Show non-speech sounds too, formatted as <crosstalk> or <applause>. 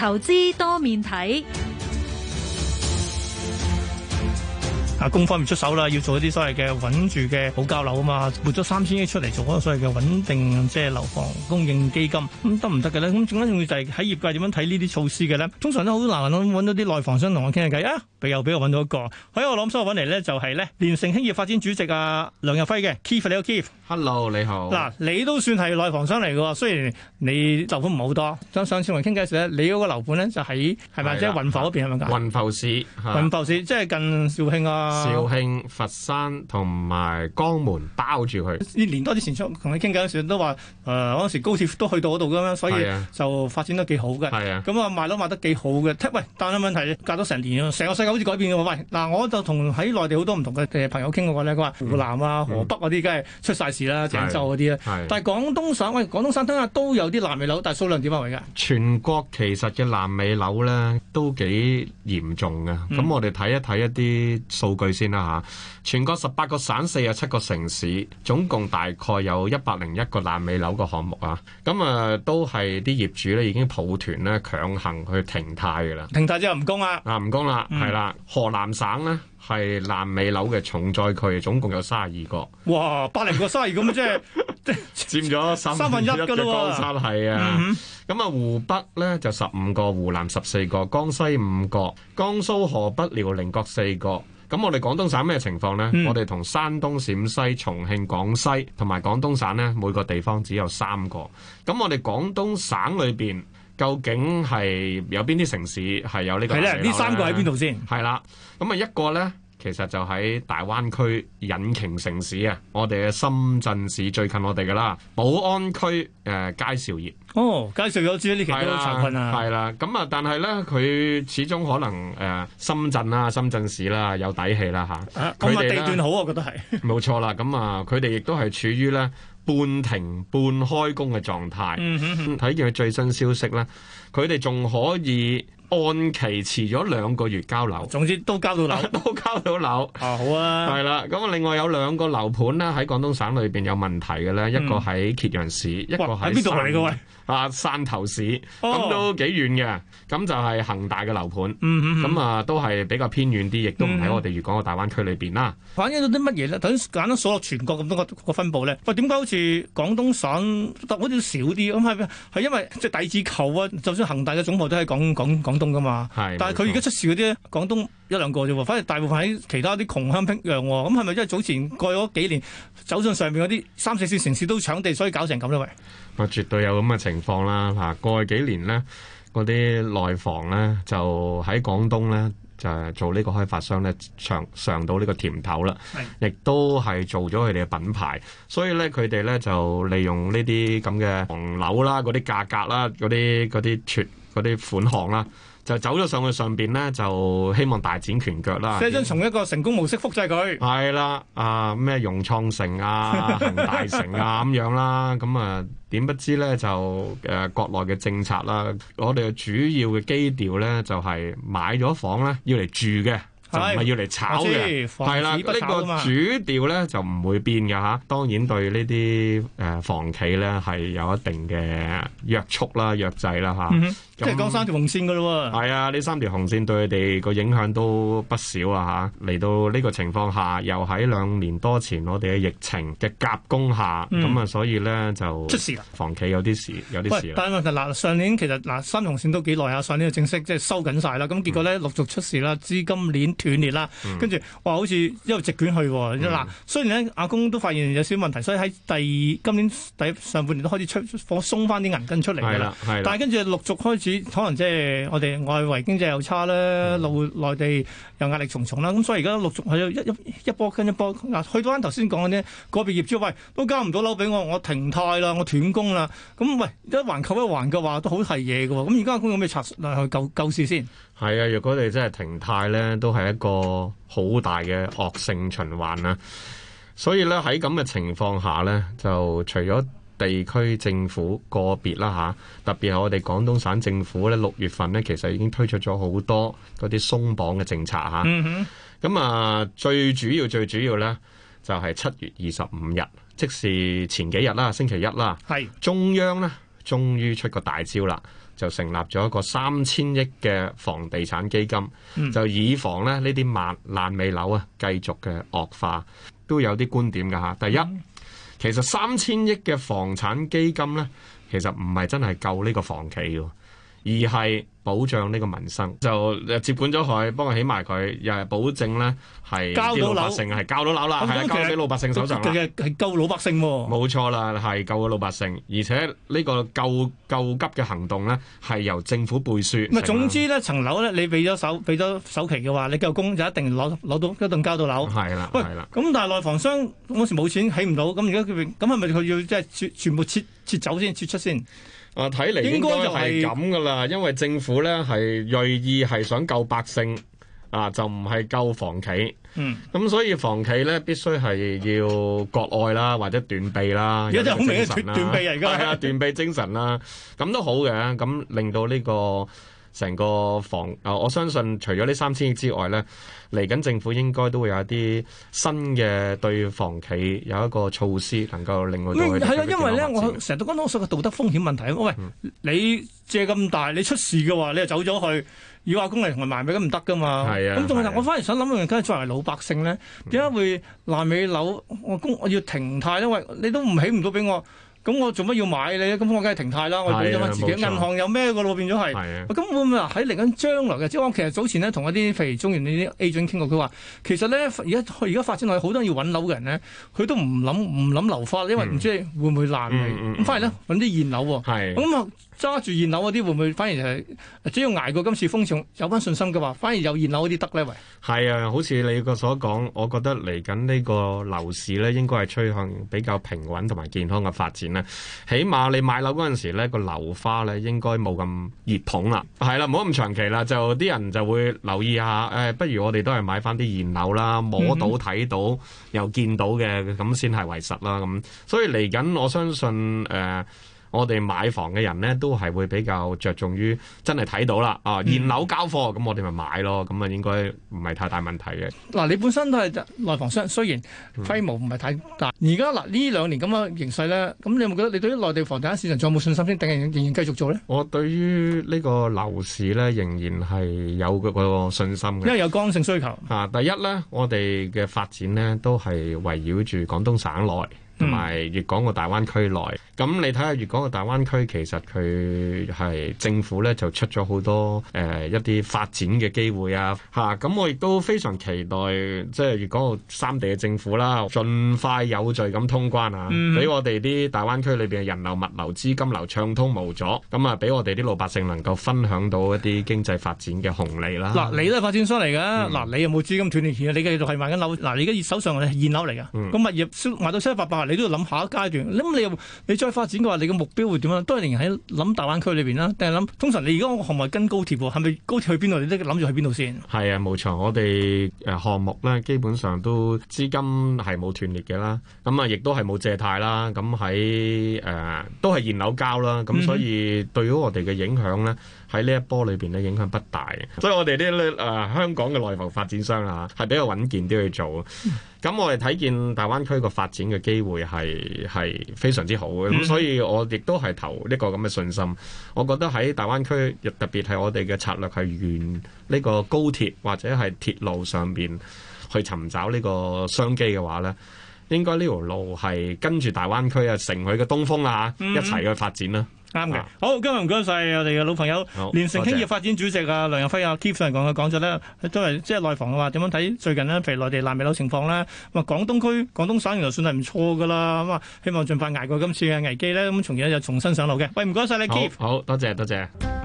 投資多面睇。啊，供方面出手啦，要做一啲所謂嘅穩住嘅保交樓啊嘛，撥咗三千億出嚟做嗰個所謂嘅穩定即係樓房供應基金，咁得唔得嘅咧？咁仲有一樣就係喺業界點樣睇呢啲措施嘅咧？通常都好難揾到啲內房商同我傾下偈啊！又俾我揾到一個，所以我諗，所以我揾嚟咧就係咧連城興業發展主席啊梁日輝嘅，keep 住你個 keep。Hello，你好。嗱，你都算係內房商嚟嘅喎，雖然你就款唔好多。咁上次同傾偈時咧，你嗰個樓盤咧就喺係咪即係雲浮嗰邊係咪㗎？雲浮、啊、市，雲浮市即係近肇慶啊。肇慶、佛山同埋江門包住佢。啲年多啲前出同你傾偈陣時都話，誒、呃、嗰時高鐵都去到嗰度噶嘛，所以就發展得幾好嘅。係啊，咁啊賣樓賣得幾好嘅。喂，但係問題是隔咗成年啊，成個世界好似改變㗎喂，嗱，我就同喺內地好多唔同嘅朋友傾過咧，佢話湖南啊、嗯、河北嗰啲，梗係出晒事啦，鄭州嗰啲啦。是是但係廣東省喂，廣東省今日都有啲爛尾樓，但係數量點翻嚟㗎？全國其實嘅爛尾樓咧都幾嚴重嘅。咁、嗯、我哋睇一睇一啲數。佢先啦吓，全國十八個省四十七個城市，總共大概有一百零一個爛尾樓嘅項目啊。咁啊，都係啲業主咧已經抱團咧強行去停貸嘅啦。停貸之後唔供啦，啊唔供啦，係啦、嗯。河南省呢，係爛尾樓嘅重災區，總共有三十二個。哇，八零個三十二咁，即係、即係、 <laughs> <laughs> 佔咗三分一嘅咯喎，係啊的。咁、嗯、哼啊，湖北呢，就十五個，湖南十四個，江西五個，江蘇河北遼寧各四個。咁我哋廣東省咩情況呢？嗯、我哋同山東、陝西、重慶、廣西同埋廣東省呢，每個地方只有三個。咁我哋廣東省裏面，究竟係有邊啲城市係有呢個？係啦，呢三個喺邊度先？係啦，咁啊一個呢？其實就喺大灣區引擎城市啊，我哋嘅深圳市，最近我哋噶啦，寶安區誒佳兆業。呃、街哦，佳兆業都知呢期都好搶嘅啦。係啦、啊，咁啊，但係咧，佢始終可能誒深圳啦、啊，深圳市啦有底氣啦吓。咁啊，啊，地段好，我覺得係。冇錯啦，咁、嗯、啊，佢哋亦都係處於咧。半停半開工嘅狀態，睇、嗯、見佢最新消息咧，佢哋仲可以按期遲咗兩個月交樓，總之都交到樓，啊、都交到樓啊！好啊，係啦。咁啊，另外有兩個樓盤咧，喺廣東省裏邊有問題嘅咧，嗯、一個喺揭陽市，嘩一個喺邊度嚟嘅喂？啊，汕頭市咁、哦、都幾遠嘅，咁就係恒大嘅樓盤。咁啊、嗯，都係比較偏遠啲，亦都唔喺我哋粵港澳大灣區裏邊啦。嗯、反映什麼呢到啲乜嘢咧？等簡單數落全國咁多個個分佈咧，喂，點解好似，廣東省好似少啲，咁係咪係因為即係底子厚啊？就算恒大嘅總部都喺廣廣廣東噶嘛，是但係佢而家出事嗰啲，廣東一兩個啫，反而大部分喺其他啲窮鄉僻壤。咁係咪因為早前過咗幾年，走上上邊嗰啲三四線城市都搶地，所以搞成咁咧？喂，啊，絕對有咁嘅情況啦。嗱，過去幾年呢，嗰啲內房咧就喺廣東咧。就係做呢個開發商咧，上嘗到呢個甜頭啦，亦是都係做咗佢哋嘅品牌，所以咧佢哋咧就利用呢啲咁嘅紅樓啦、嗰啲價格啦、嗰啲嗰啲全嗰啲款項啦。就走咗上去上邊咧，就希望大展拳腳啦。即係想從一個成功模式複製佢。係啦，啊咩融創城啊、恒大城啊咁 <laughs> 樣啦、啊，咁啊點不知咧就誒、呃、國內嘅政策啦，我哋嘅主要嘅基調咧就係買咗房咧要嚟住嘅，就唔、是、係要嚟的炒嘅。係啦，呢、這個主調咧就唔會變㗎。吓。當然對呢啲誒房企咧係有一定嘅約束啦、約制啦吓。那即係講三條紅線嘅咯喎，係啊！呢、啊、三條紅線對佢哋個影響都不少啊吓，嚟到呢個情況下，又喺兩年多前我哋嘅疫情嘅夾攻下，咁啊、嗯，所以咧就出事啦。房企有啲事，有啲事。但係問題嗱，上年其實嗱、啊、三條紅線都幾耐啊，上年就正式即係收緊晒啦。咁、啊、結果咧、嗯、陸續出事啦，資金鏈斷裂啦，跟住、嗯、哇，好似一路直捲去、啊。嗱、嗯啊，雖然咧阿公都發現有少少問題，所以喺第今年第上半年都開始出火鬆翻啲銀根出嚟啦。係啦，係啦。但係跟住陸續開始。可能即係我哋外圍經濟又差咧，內內地又壓力重重啦，咁所以而家陸續係一一波跟一波，去到啱頭先講緊呢個別業主喂，都交唔到樓俾我，我停貸啦，我斷供啦，咁喂，一環扣一環嘅話都好係嘢嘅，咁而家公有咩查去救救市先？係啊，若果你真係停貸咧，都係一個好大嘅惡性循環啊！所以咧喺咁嘅情況下咧，就除咗。地區政府個別啦嚇，特別係我哋廣東省政府咧，六月份咧，其實已經推出咗好多嗰啲鬆綁嘅政策嚇。咁啊、嗯哼，最主要最主要呢，就係七月二十五日，即是前幾日啦，星期一啦。係是中央呢終於出個大招啦，就成立咗一個三千億嘅房地產基金，就以防咧呢啲爛爛尾樓啊繼續嘅惡化，都有啲觀點噶嚇。第一。嗯其實三千億嘅房產基金咧，其實唔係真係夠呢個房企嘅。而係保障呢個民生，就接管咗佢，幫佢起埋佢，又係保證咧係啲老百姓係交到樓啦，係交俾老百姓手上啦。係救老百姓、啊，冇錯啦，係救個老百姓。而且呢個救救急嘅行動咧，係由政府背書總之咧，層樓咧，你俾咗首俾咗首期嘅話，你夠供就一定攞攞到一定交到樓。係啦係啦，喂，咁係啦但係內房商嗰時冇錢起唔到，咁而家佢咁係咪佢要即係全全部撤撤走先，撤出先？啊！睇嚟應該就係咁噶啦，因為政府咧係銳意係想救百姓，啊就唔係救房企。嗯，咁所以房企咧必須係要割愛啦，或者斷臂啦。而家真係好精神斷斷臂啊！而家係啊，斷臂精神啦、啊，咁都好嘅，咁令到呢個。成個房啊、呃，我相信除咗呢三千億之外咧，嚟緊政府應該都會有一啲新嘅對房企有一個措施，能夠令佢。係啊，因為咧，為我成日都講多數嘅道德風險問題啊。嗯、喂，你借咁大，你出事嘅話，你又走咗去，要話供嚟同埋埋尾都唔得噶嘛。係啊。咁仲有，我反而想諗嘅，而家作為老百姓咧，點解會爛尾樓？我供我要停貸，因為你都唔起唔到俾我。咁我做乜要買你咧？咁我梗係停貸啦，的我保咗自己。銀行有咩嘅咯？變咗係，會唔會喺嚟緊將來嘅。即係我其實早前咧同一啲譬如中原呢啲 agent 傾過，佢話其實咧而家而家發展落去，好多人要揾樓嘅人咧，佢都唔諗唔諗樓花，因為唔知會唔會爛嘅。咁反而咧揾啲現樓喎。咁啊的～揸住現樓嗰啲會唔會反而係，只要捱過今次風潮有翻信心嘅話，反而有現樓嗰啲得呢？喂，係啊！好似你個所講，我覺得嚟緊呢個樓市呢應該係趨向比較平穩同埋健康嘅發展啦。起碼你買樓嗰陣時呢、個樓花呢應該冇咁熱捧啦。係啦、啊，冇咁長期啦，就啲人就會留意下、哎、不如我哋都係買翻啲現樓啦，摸到睇到又見到嘅咁先係為實啦。咁所以嚟緊，我相信、呃我哋買房嘅人呢，都係會比較着重於真係睇到啦，啊現樓交貨，咁、嗯、我哋咪買咯，咁啊應該唔係太大問題嘅。嗱，你本身都係內房商，雖然規模唔係太大，而家嗱呢兩年咁嘅形勢咧，咁你有冇覺得你對於內地房地產市場仲有冇信心先？定係仍然繼續做呢？我對於呢個樓市咧，仍然係有個信心嘅，因為有剛性需求。啊，第一咧，我哋嘅發展呢，都係圍繞住廣東省內。同埋粵港澳大灣區內，咁你睇下粵港澳大灣區其實佢係政府咧就出咗好多、呃、一啲發展嘅機會啊嚇，咁、啊、我亦都非常期待，即係粵港澳三地嘅政府啦，盡快有序咁通關啊，俾、嗯、我哋啲大灣區裏邊嘅人流、物流、資金流暢通無阻，咁啊俾我哋啲老百姓能夠分享到一啲經濟發展嘅紅利啦。嗱、啊，你都係發展商嚟㗎，嗱、嗯啊，你有冇資金斷鏈住？你繼續係賣緊樓，嗱、啊，你而家手上係現樓嚟㗎，個、嗯、物業賣到七七八八。你都要諗下一階段，咁你又你再發展嘅話，你嘅目標會點樣？都係仍然喺諗大灣區裏邊啦，定係諗？通常你而家項目跟高鐵，係咪高鐵去邊度？你都諗住去邊度先？係啊，冇錯，我哋誒項目咧，基本上都資金係冇斷裂嘅啦，咁啊亦都係冇借貸啦，咁喺誒都係現樓交啦，咁所以對於我哋嘅影響咧。嗯喺呢一波裏邊咧影響不大，所以我哋呢誒香港嘅內房發展商啦、啊，係比較穩健啲去做。咁我哋睇見大灣區個發展嘅機會係係非常之好嘅，咁所以我亦都係投呢個咁嘅信心。我覺得喺大灣區，特別係我哋嘅策略係沿呢個高鐵或者係鐵路上邊去尋找呢個商機嘅話呢，應該呢條路係跟住大灣區啊，乘佢嘅東風啊，一齊去發展啦、啊。啱嘅，啊、好，今日唔該晒我哋嘅老朋友，好連城興業發展主席啊謝梁日輝啊，Keith 上嚟講嘅講咗咧，都係即係內房嘅話點樣睇最近咧，譬如內地爛尾樓情況咧，咁啊，廣東區廣東省原來算係唔錯㗎喇，咁啊希望儘快捱過今次嘅危機咧，咁從而咧就重新上路嘅。喂，唔該晒你，Keith，好，多 Keith 謝多謝。謝謝。